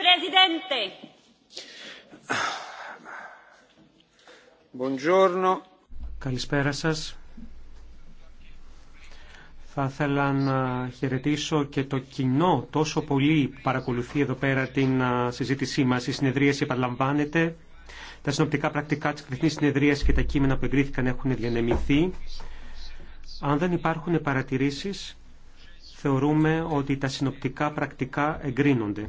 Presidente. Καλησπέρα σας. Θα ήθελα να χαιρετήσω και το κοινό τόσο πολύ παρακολουθεί εδώ πέρα την συζήτησή μας. Η συνεδρία επαναλαμβάνεται. Τα συνοπτικά πρακτικά της Διεθνής συνεδρία και τα κείμενα που εγκρίθηκαν έχουν διανεμηθεί. Αν δεν υπάρχουν παρατηρήσεις, θεωρούμε ότι τα συνοπτικά πρακτικά εγκρίνονται.